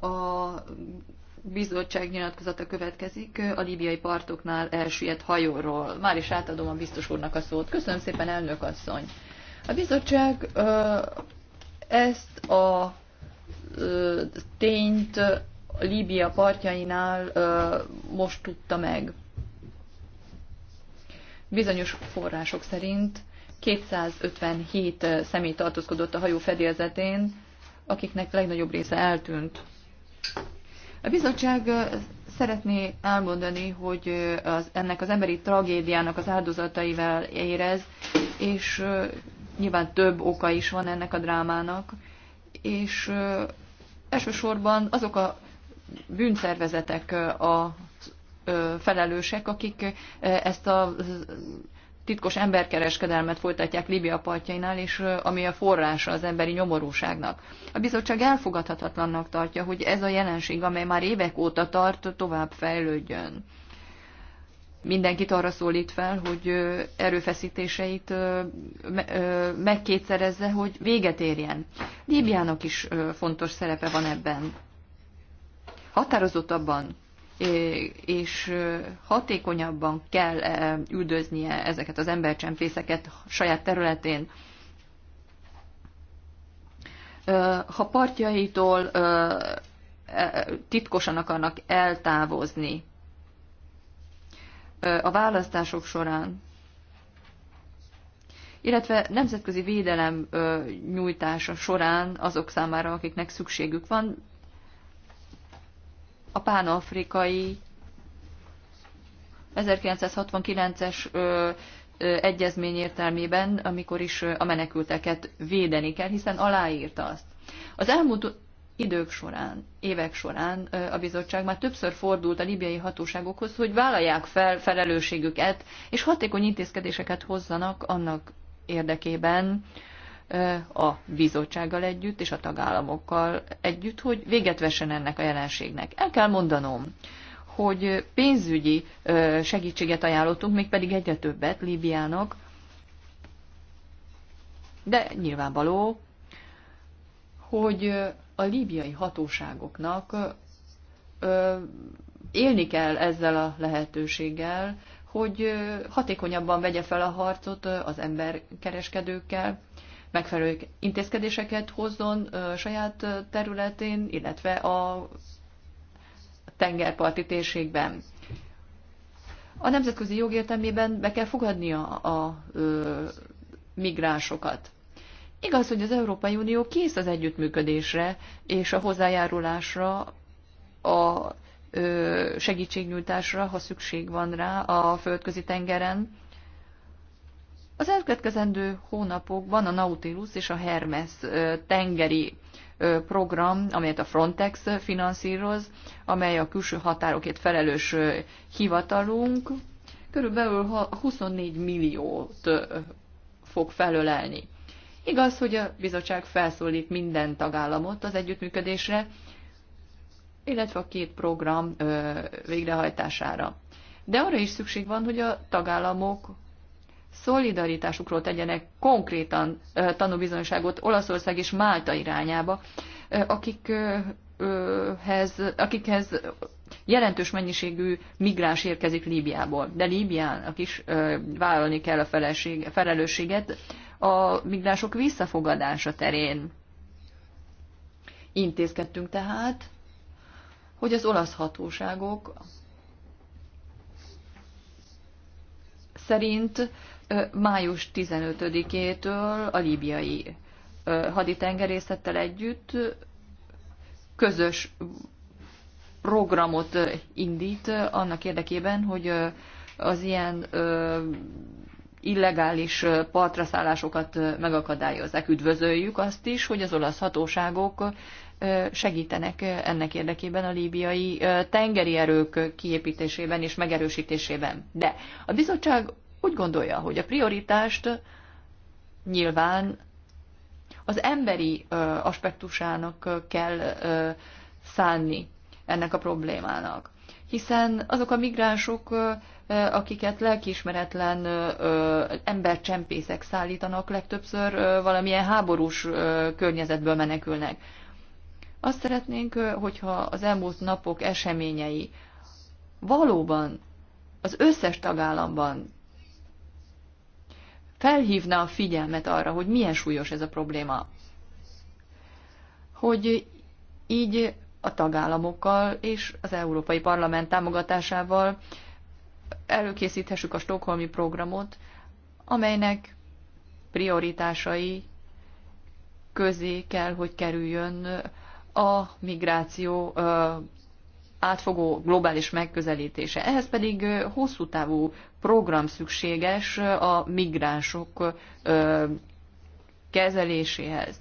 A bizottság nyilatkozata következik a líbiai partoknál elsüllyedt hajóról. Már is átadom a biztos úrnak a szót. Köszönöm szépen, elnök asszony. A bizottság ezt a tényt Líbia partjainál most tudta meg. Bizonyos források szerint 257 személy tartózkodott a hajó fedélzetén, akiknek legnagyobb része eltűnt. A bizottság szeretné elmondani, hogy az, ennek az emberi tragédiának az áldozataival érez, és nyilván több oka is van ennek a drámának, és elsősorban azok a bűnszervezetek a felelősek, akik ezt a titkos emberkereskedelmet folytatják Libia partjainál, és ami a forrása az emberi nyomorúságnak. A bizottság elfogadhatatlannak tartja, hogy ez a jelenség, amely már évek óta tart, tovább fejlődjön. Mindenkit arra szólít fel, hogy erőfeszítéseit megkétszerezze, hogy véget érjen. Líbiának is fontos szerepe van ebben. Határozottabban és hatékonyabban kell üldöznie ezeket az embercsempészeket saját területén. Ha partjaitól e, e, titkosan akarnak eltávozni a választások során, illetve nemzetközi védelem nyújtása során azok számára, akiknek szükségük van, a pánafrikai 1969-es egyezmény értelmében, amikor is a menekülteket védeni kell, hiszen aláírta azt. Az elmúlt idők során, évek során a bizottság már többször fordult a libiai hatóságokhoz, hogy vállalják fel felelősségüket, és hatékony intézkedéseket hozzanak annak érdekében, a bizottsággal együtt és a tagállamokkal együtt, hogy véget vessen ennek a jelenségnek. El kell mondanom, hogy pénzügyi segítséget ajánlottunk, mégpedig egyre többet Líbiának, de nyilvánvaló, hogy a líbiai hatóságoknak élni kell ezzel a lehetőséggel, hogy hatékonyabban vegye fel a harcot az emberkereskedőkkel, megfelelő intézkedéseket hozzon saját területén, illetve a tengerparti térségben. A nemzetközi jog értelmében be kell fogadnia a ö, migránsokat. Igaz, hogy az Európai Unió kész az együttműködésre és a hozzájárulásra, a ö, segítségnyújtásra, ha szükség van rá a földközi tengeren, az elkövetkezendő hónapokban a Nautilus és a Hermes tengeri program, amelyet a Frontex finanszíroz, amely a külső határokért felelős hivatalunk, körülbelül 24 milliót fog felölelni. Igaz, hogy a bizottság felszólít minden tagállamot az együttműködésre, illetve a két program végrehajtására. De arra is szükség van, hogy a tagállamok szolidaritásukról tegyenek konkrétan tanúbizonyságot Olaszország és Málta irányába, akikhez, akikhez jelentős mennyiségű migráns érkezik Líbiából. De Líbiának is vállalni kell a felelősséget a migránsok visszafogadása terén. Intézkedtünk tehát, hogy az olasz hatóságok szerint május 15-től a líbiai haditengerészettel együtt közös programot indít annak érdekében, hogy az ilyen illegális partraszállásokat megakadályozzák. Üdvözöljük azt is, hogy az olasz hatóságok segítenek ennek érdekében a líbiai tengeri erők kiépítésében és megerősítésében. De a bizottság úgy gondolja, hogy a prioritást nyilván az emberi aspektusának kell szánni ennek a problémának. Hiszen azok a migránsok, akiket lelkiismeretlen embercsempészek szállítanak, legtöbbször valamilyen háborús környezetből menekülnek. Azt szeretnénk, hogyha az elmúlt napok eseményei valóban az összes tagállamban felhívná a figyelmet arra, hogy milyen súlyos ez a probléma. Hogy így a tagállamokkal és az Európai Parlament támogatásával előkészíthessük a stokholmi programot, amelynek prioritásai közé kell, hogy kerüljön a migráció átfogó globális megközelítése. Ehhez pedig hosszú távú program szükséges a migránsok kezeléséhez.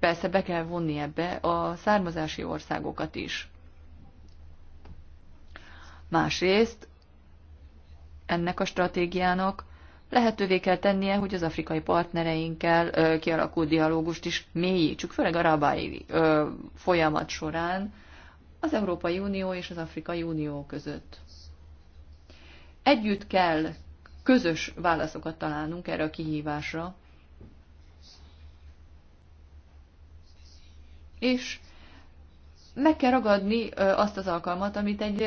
Persze be kell vonni ebbe a származási országokat is. Másrészt ennek a stratégiának lehetővé kell tennie, hogy az afrikai partnereinkkel kialakult dialógust is mélyítsük, főleg a rabai folyamat során, az Európai Unió és az Afrikai Unió között. Együtt kell közös válaszokat találnunk erre a kihívásra, és meg kell ragadni azt az alkalmat, amit egy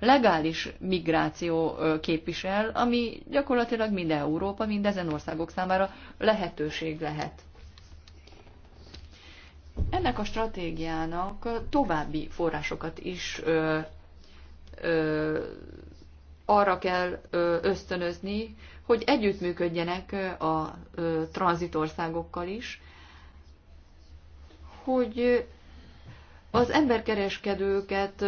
legális migráció képvisel, ami gyakorlatilag mind Európa, mind ezen országok számára lehetőség lehet. Ennek a stratégiának további forrásokat is ö, ö, arra kell ösztönözni, hogy együttműködjenek a tranzitországokkal is, hogy az emberkereskedőket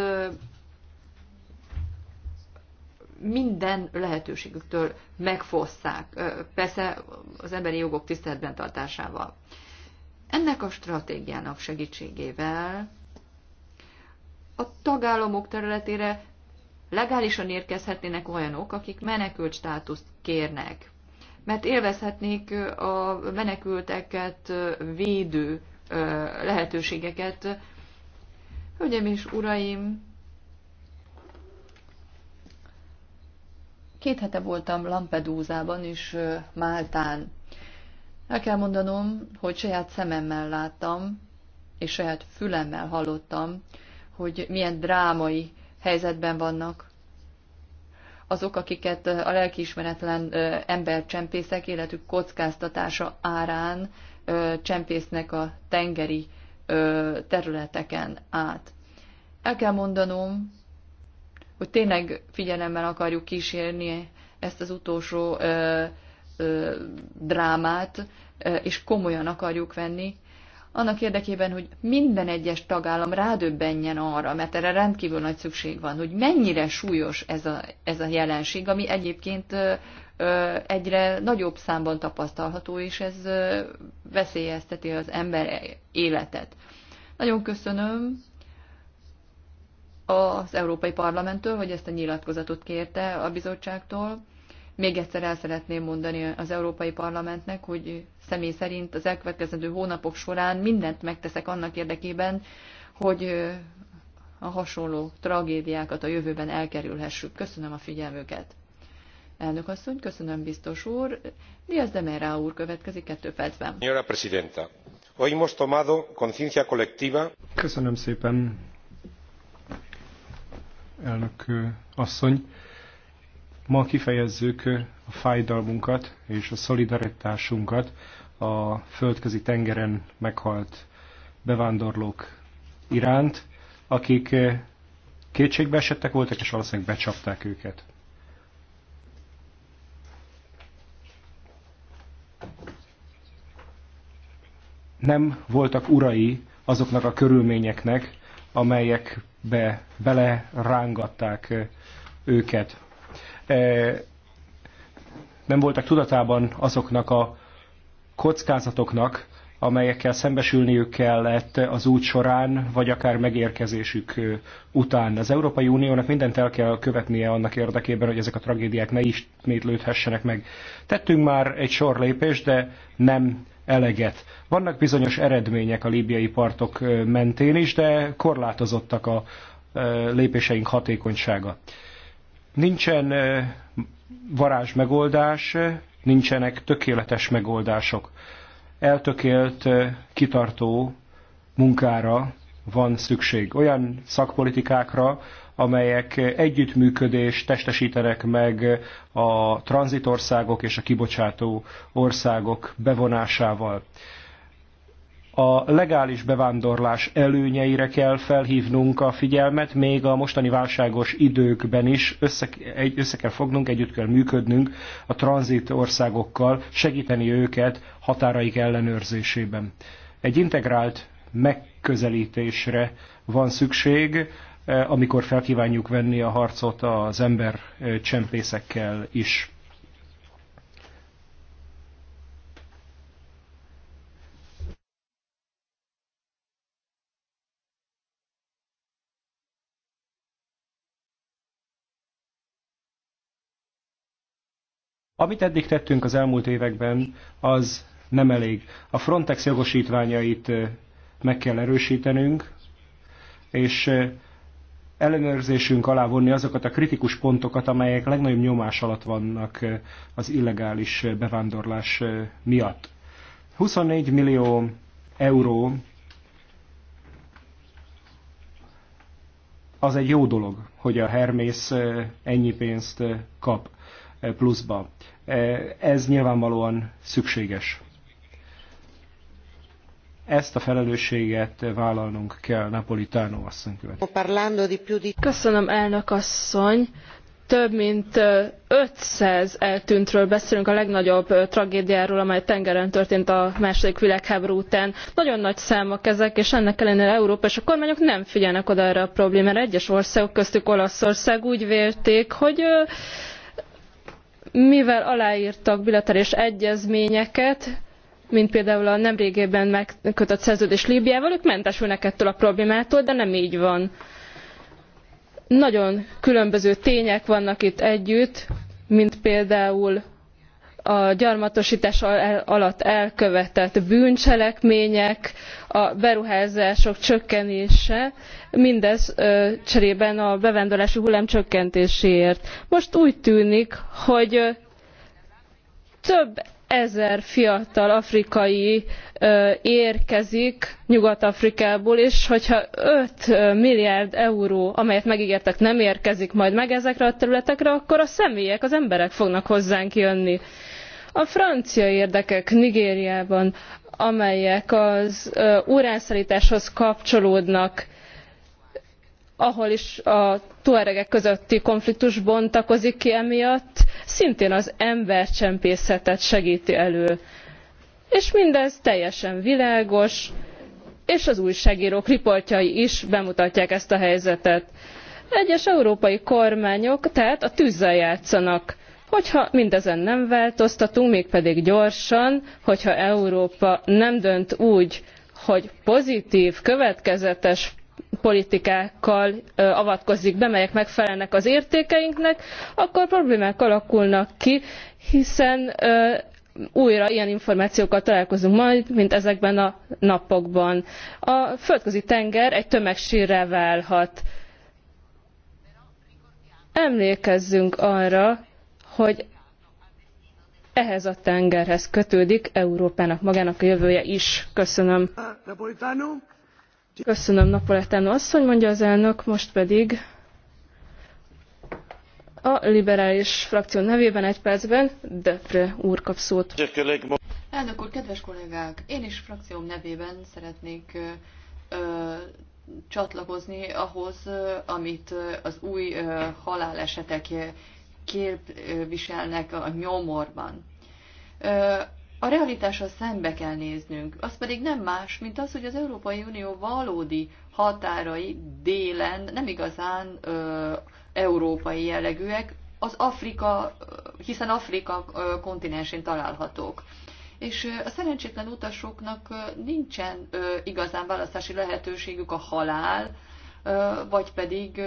minden lehetőségüktől megfosszák, persze az emberi jogok tiszteletben tartásával. Ennek a stratégiának segítségével a tagállamok területére legálisan érkezhetnének olyanok, akik menekült státuszt kérnek, mert élvezhetnék a menekülteket védő lehetőségeket. Hölgyeim és uraim, két hete voltam Lampedúzában és Máltán el kell mondanom, hogy saját szememmel láttam, és saját fülemmel hallottam, hogy milyen drámai helyzetben vannak azok, akiket a lelkiismeretlen embercsempészek életük kockáztatása árán csempésznek a tengeri területeken át. El kell mondanom, hogy tényleg figyelemmel akarjuk kísérni ezt az utolsó drámát, és komolyan akarjuk venni, annak érdekében, hogy minden egyes tagállam rádöbbenjen arra, mert erre rendkívül nagy szükség van, hogy mennyire súlyos ez a, ez a jelenség, ami egyébként egyre nagyobb számban tapasztalható, és ez veszélyezteti az ember életet. Nagyon köszönöm az Európai Parlamenttől, hogy ezt a nyilatkozatot kérte a bizottságtól még egyszer el szeretném mondani az Európai Parlamentnek, hogy személy szerint az elkövetkezendő hónapok során mindent megteszek annak érdekében, hogy a hasonló tragédiákat a jövőben elkerülhessük. Köszönöm a figyelmüket. Elnök asszony, köszönöm biztos úr. Diaz de Mera úr következik kettő percben. Presidenta, hoy hemos tomado conciencia colectiva. Köszönöm szépen, elnök asszony. Ma kifejezzük a fájdalmunkat és a szolidaritásunkat a földközi tengeren meghalt bevándorlók iránt, akik kétségbe esettek voltak, és valószínűleg becsapták őket. Nem voltak urai azoknak a körülményeknek, amelyekbe belerángatták őket. E, nem voltak tudatában azoknak a kockázatoknak, amelyekkel szembesülniük kellett az út során, vagy akár megérkezésük e, után. Az Európai Uniónak mindent el kell követnie annak érdekében, hogy ezek a tragédiák ne ismétlődhessenek meg. Tettünk már egy sor lépést, de nem eleget. Vannak bizonyos eredmények a líbiai partok e, mentén is, de korlátozottak a lépéseink hatékonysága. Nincsen varázs megoldás, nincsenek tökéletes megoldások. Eltökélt, kitartó munkára van szükség. Olyan szakpolitikákra, amelyek együttműködést testesítenek meg a tranzitországok és a kibocsátó országok bevonásával a legális bevándorlás előnyeire kell felhívnunk a figyelmet, még a mostani válságos időkben is össze, egy, össze kell fognunk, együtt kell működnünk a tranzit országokkal, segíteni őket határaik ellenőrzésében. Egy integrált megközelítésre van szükség, eh, amikor felkívánjuk venni a harcot az ember eh, csempészekkel is. Amit eddig tettünk az elmúlt években, az nem elég. A Frontex jogosítványait meg kell erősítenünk, és ellenőrzésünk alá vonni azokat a kritikus pontokat, amelyek legnagyobb nyomás alatt vannak az illegális bevándorlás miatt. 24 millió euró az egy jó dolog, hogy a Hermész ennyi pénzt kap pluszba. E, ez nyilvánvalóan szükséges. Ezt a felelősséget vállalnunk kell, Napolitano asszony következik. Köszönöm, elnök asszony több mint 500 eltűntről beszélünk a legnagyobb tragédiáról, amely tengeren történt a második világháború után. Nagyon nagy számok ezek, és ennek ellenére Európa és a kormányok nem figyelnek oda erre a problémára. Egyes országok köztük Olaszország úgy vélték, hogy mivel aláírtak bilaterális egyezményeket, mint például a nemrégében megkötött szerződés Líbiával, ők mentesülnek ettől a problémától, de nem így van. Nagyon különböző tények vannak itt együtt, mint például a gyarmatostás alatt elkövetett bűncselekmények a beruházások csökkenése mindez cserében a bevándorlási hullám csökkentéséért. most úgy tűnik hogy több ezer fiatal afrikai érkezik nyugat afrikából és hogyha five milliárd euró amelyet meggértek nem érkezik majd meg ezekre a területekre akkor a személyek az emberek fognak hozzánk jönni. a francia érdekek nigériában amelyek az uránszálltáshoz kapcsolódnak ahol is a tuaregek közötti konfliktus bontakozik ki emiatt, szintén az embercsempészetet segíti elő. És mindez teljesen világos, és az újságírók riportjai is bemutatják ezt a helyzetet. Egyes európai kormányok tehát a tűzzel játszanak. Hogyha mindezen nem változtatunk, mégpedig gyorsan, hogyha Európa nem dönt úgy, hogy pozitív, következetes politikákkal avatkozik be, melyek megfelelnek az értékeinknek, akkor problémák alakulnak ki, hiszen újra ilyen információkkal találkozunk majd, mint ezekben a napokban. A földközi tenger egy tömegsírrá válhat. Emlékezzünk arra, hogy ehhez a tengerhez kötődik Európának magának a jövője is. Köszönöm. Köszönöm Napoletán asszony, mondja az elnök, most pedig a liberális frakció nevében egy percben Depre úr kap szót. Elnök úr, kedves kollégák, én is frakcióm nevében szeretnék ö, ö, csatlakozni ahhoz, amit az új ö, halálesetek képviselnek a nyomorban. Ö, a realitással szembe kell néznünk, az pedig nem más, mint az, hogy az Európai Unió valódi határai délen nem igazán ö, európai jellegűek, az Afrika, hiszen Afrika kontinensén találhatók. És a szerencsétlen utasoknak nincsen igazán választási lehetőségük a halál, vagy pedig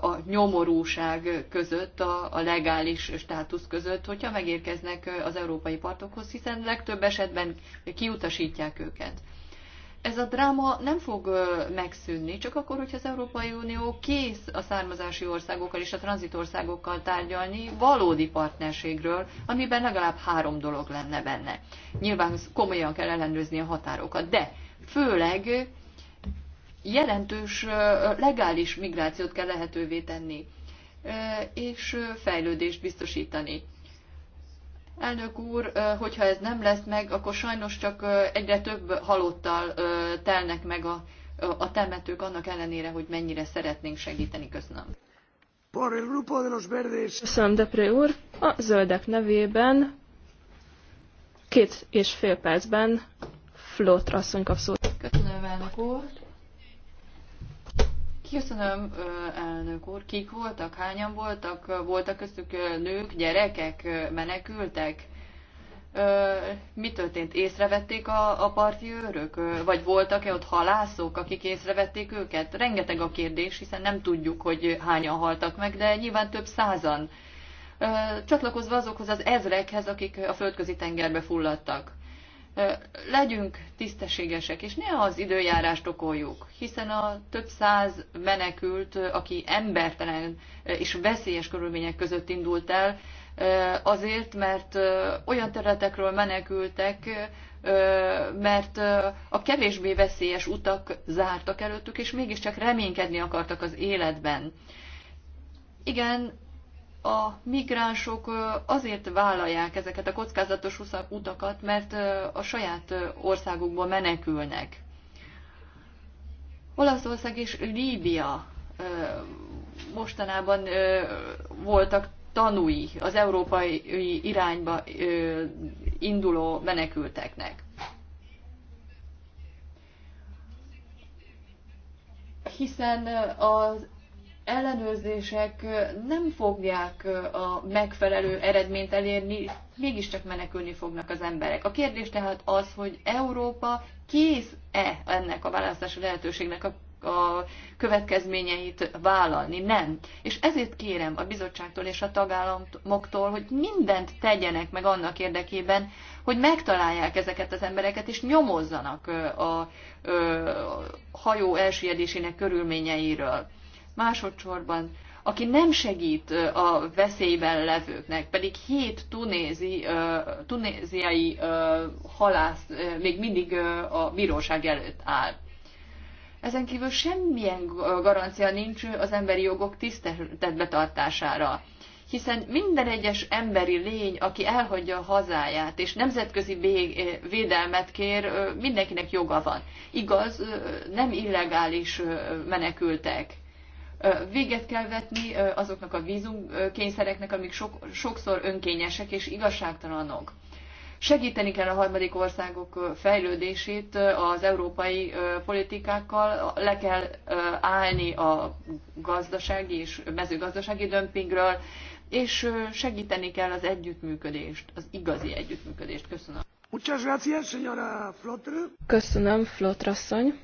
a nyomorúság között, a, legális státusz között, hogyha megérkeznek az európai partokhoz, hiszen legtöbb esetben kiutasítják őket. Ez a dráma nem fog megszűnni, csak akkor, hogyha az Európai Unió kész a származási országokkal és a tranzitországokkal tárgyalni valódi partnerségről, amiben legalább három dolog lenne benne. Nyilván komolyan kell ellenőrizni a határokat, de főleg jelentős legális migrációt kell lehetővé tenni, és fejlődést biztosítani. Elnök úr, hogyha ez nem lesz meg, akkor sajnos csak egyre több halottal telnek meg a, a temetők, annak ellenére, hogy mennyire szeretnénk segíteni. Köszönöm. Köszönöm, Depré úr. A zöldek nevében két és fél percben Flót asszony kap szót. Köszönöm, elnök úr. Köszönöm, elnök úr. Kik voltak? Hányan voltak? Voltak köztük nők, gyerekek, menekültek? Mi történt? Észrevették a, a parti őrök? Vagy voltak-e ott halászok, akik észrevették őket? Rengeteg a kérdés, hiszen nem tudjuk, hogy hányan haltak meg, de nyilván több százan. Csatlakozva azokhoz az ezrekhez, akik a földközi tengerbe fulladtak legyünk tisztességesek, és ne az időjárást okoljuk, hiszen a több száz menekült, aki embertelen és veszélyes körülmények között indult el, azért, mert olyan területekről menekültek, mert a kevésbé veszélyes utak zártak előttük, és mégiscsak reménykedni akartak az életben. Igen, a migránsok azért vállalják ezeket a kockázatos utakat, mert a saját országukba menekülnek. Olaszország és Líbia mostanában voltak tanúi az európai irányba induló menekülteknek. Hiszen az ellenőrzések nem fogják a megfelelő eredményt elérni, mégiscsak menekülni fognak az emberek. A kérdés tehát az, hogy Európa kész-e ennek a választási lehetőségnek a a következményeit vállalni. Nem. És ezért kérem a bizottságtól és a tagállamoktól, hogy mindent tegyenek meg annak érdekében, hogy megtalálják ezeket az embereket, és nyomozzanak a, a, a hajó elsüllyedésének körülményeiről. Másodszorban, aki nem segít a veszélyben levőknek, pedig hét tunézi, tunéziai halász még mindig a bíróság előtt áll. Ezen kívül semmilyen garancia nincs az emberi jogok tiszteletbe tartására hiszen minden egyes emberi lény, aki elhagyja a hazáját és nemzetközi védelmet kér, mindenkinek joga van. Igaz, nem illegális menekültek. Véget kell vetni azoknak a vízumkényszereknek, amik sok, sokszor önkényesek és igazságtalanok. Segíteni kell a harmadik országok fejlődését az európai politikákkal, le kell állni a gazdasági és mezőgazdasági dömpingről, és segíteni kell az együttműködést, az igazi együttműködést. Köszönöm. Köszönöm, Flotrasszony.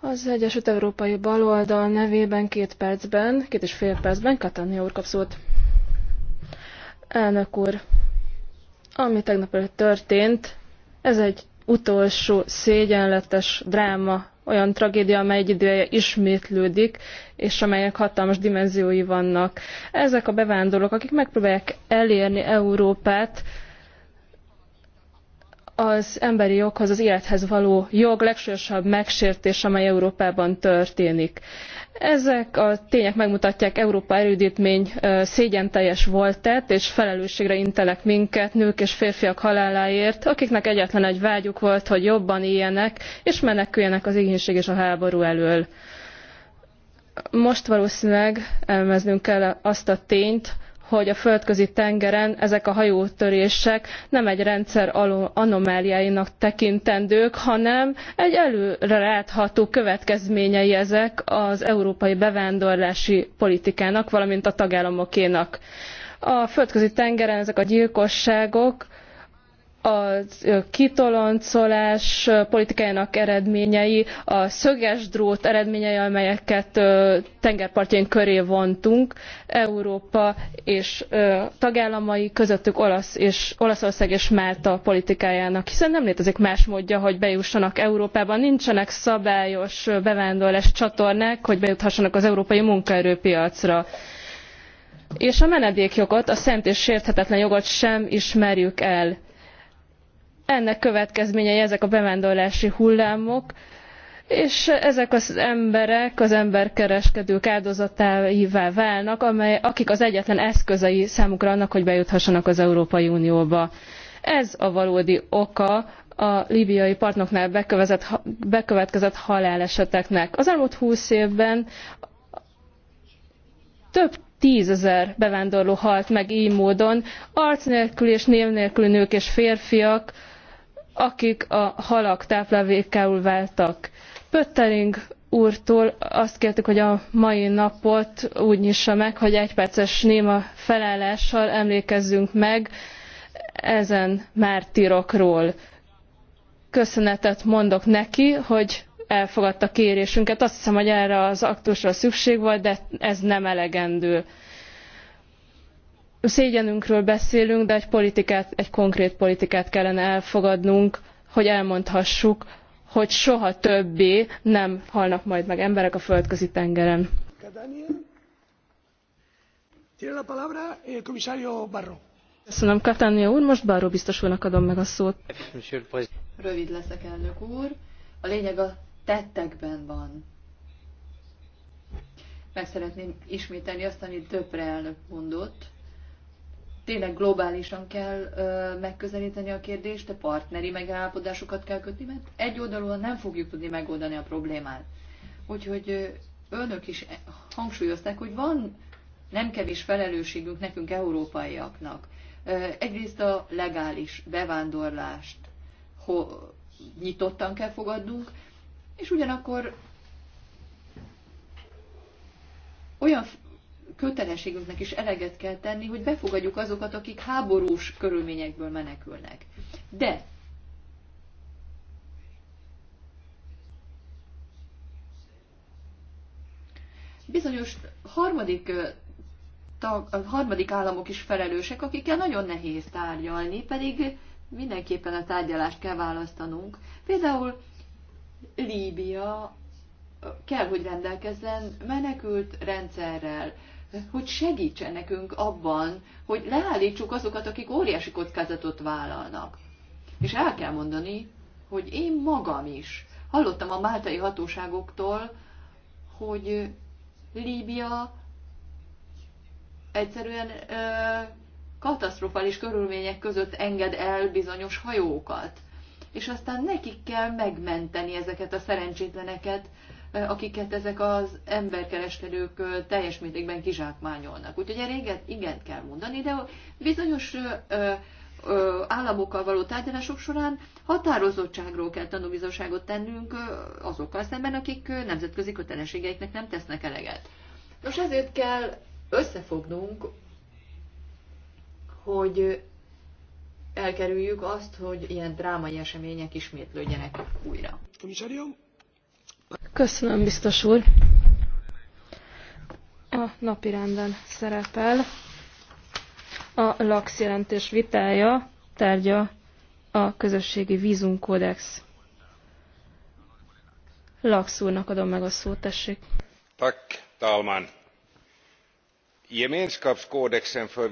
Az Egyesült Európai Baloldal nevében két percben, két és fél percben Katania úr kap szót. Elnök úr, ami tegnap előtt történt, ez egy utolsó szégyenletes dráma, olyan tragédia, amely egy ideje ismétlődik, és amelynek hatalmas dimenziói vannak. Ezek a bevándorlók, akik megpróbálják elérni Európát, az emberi joghoz, az élethez való jog legsúlyosabb megsértés, amely Európában történik. Ezek a tények megmutatják Európa erődítmény szégyen teljes voltát, és felelősségre intelek minket, nők és férfiak haláláért, akiknek egyetlen egy vágyuk volt, hogy jobban éljenek, és meneküljenek az igénység és a háború elől. Most valószínűleg elmeznünk kell azt a tényt, hogy a földközi tengeren ezek a hajótörések nem egy rendszer anomáliáinak tekintendők, hanem egy előre látható következményei ezek az európai bevándorlási politikának, valamint a tagállamokénak. A földközi tengeren ezek a gyilkosságok a kitoloncolás politikájának eredményei, a szöges drót eredményei, amelyeket tengerpartjain köré vontunk, Európa és tagállamai közöttük Olasz és, Olaszország és Málta politikájának, hiszen nem létezik más módja, hogy bejussanak Európába, nincsenek szabályos bevándorlás csatornák, hogy bejuthassanak az európai munkaerőpiacra és a menedékjogot, a szent és sérthetetlen jogot sem ismerjük el ennek következményei ezek a bevándorlási hullámok, és ezek az emberek az emberkereskedők áldozataivá válnak, amely, akik az egyetlen eszközei számukra annak, hogy bejuthassanak az Európai Unióba. Ez a valódi oka a libiai partnoknál bekövetkezett, bekövetkezett haláleseteknek. Az elmúlt húsz évben több tízezer bevándorló halt meg így módon, arc nélkül és név nélkül nők és férfiak, akik a halak táplálékául váltak. Pöttering úrtól azt kértük, hogy a mai napot úgy nyissa meg, hogy egy perces néma felállással emlékezzünk meg ezen mártirokról. Köszönetet mondok neki, hogy elfogadta kérésünket. Azt hiszem, hogy erre az aktusra szükség volt, de ez nem elegendő szégyenünkről beszélünk, de egy politikát, egy konkrét politikát kellene elfogadnunk, hogy elmondhassuk, hogy soha többé nem halnak majd meg emberek a földközi tengeren. Köszönöm, Katania úr. Most Barro biztos úrnak adom meg a szót. Rövid leszek, elnök úr. A lényeg a tettekben van. Meg szeretném ismételni azt, amit többre elnök mondott tényleg globálisan kell ö, megközelíteni a kérdést, de partneri megállapodásokat kell kötni, mert egy oldalon nem fogjuk tudni megoldani a problémát. Úgyhogy önök is hangsúlyozták, hogy van nem kevés felelősségünk nekünk európaiaknak. Egyrészt a legális bevándorlást nyitottan kell fogadnunk, és ugyanakkor olyan kötelességünknek is eleget kell tenni, hogy befogadjuk azokat, akik háborús körülményekből menekülnek. De bizonyos harmadik, tag, harmadik államok is felelősek, akikkel nagyon nehéz tárgyalni, pedig mindenképpen a tárgyalást kell választanunk. Például Líbia kell, hogy rendelkezzen menekült rendszerrel, hogy segítsen nekünk abban, hogy leállítsuk azokat, akik óriási kockázatot vállalnak. És el kell mondani, hogy én magam is hallottam a máltai hatóságoktól, hogy Líbia egyszerűen ö, katasztrofális körülmények között enged el bizonyos hajókat. És aztán nekik kell megmenteni ezeket a szerencsétleneket, Eh, akiket ezek az emberkereskedők eh, teljes mértékben kizsákmányolnak. Úgyhogy erre igent igen kell mondani, de bizonyos eh, államokkal való tárgyalások során határozottságról kell tanúbizottságot tennünk azokkal szemben, akik nemzetközi kötelességeiknek nem tesznek eleget. Nos, ezért kell összefognunk, hogy elkerüljük azt, hogy ilyen drámai események ismétlődjenek újra. Köszönöm, biztos úr. A napirenden szerepel a LAX jelentés vitája, tárgya a közösségi vízumkódex. Lax úrnak adom meg a szót, tessék. Tak, talman. Gemenskapskódexen för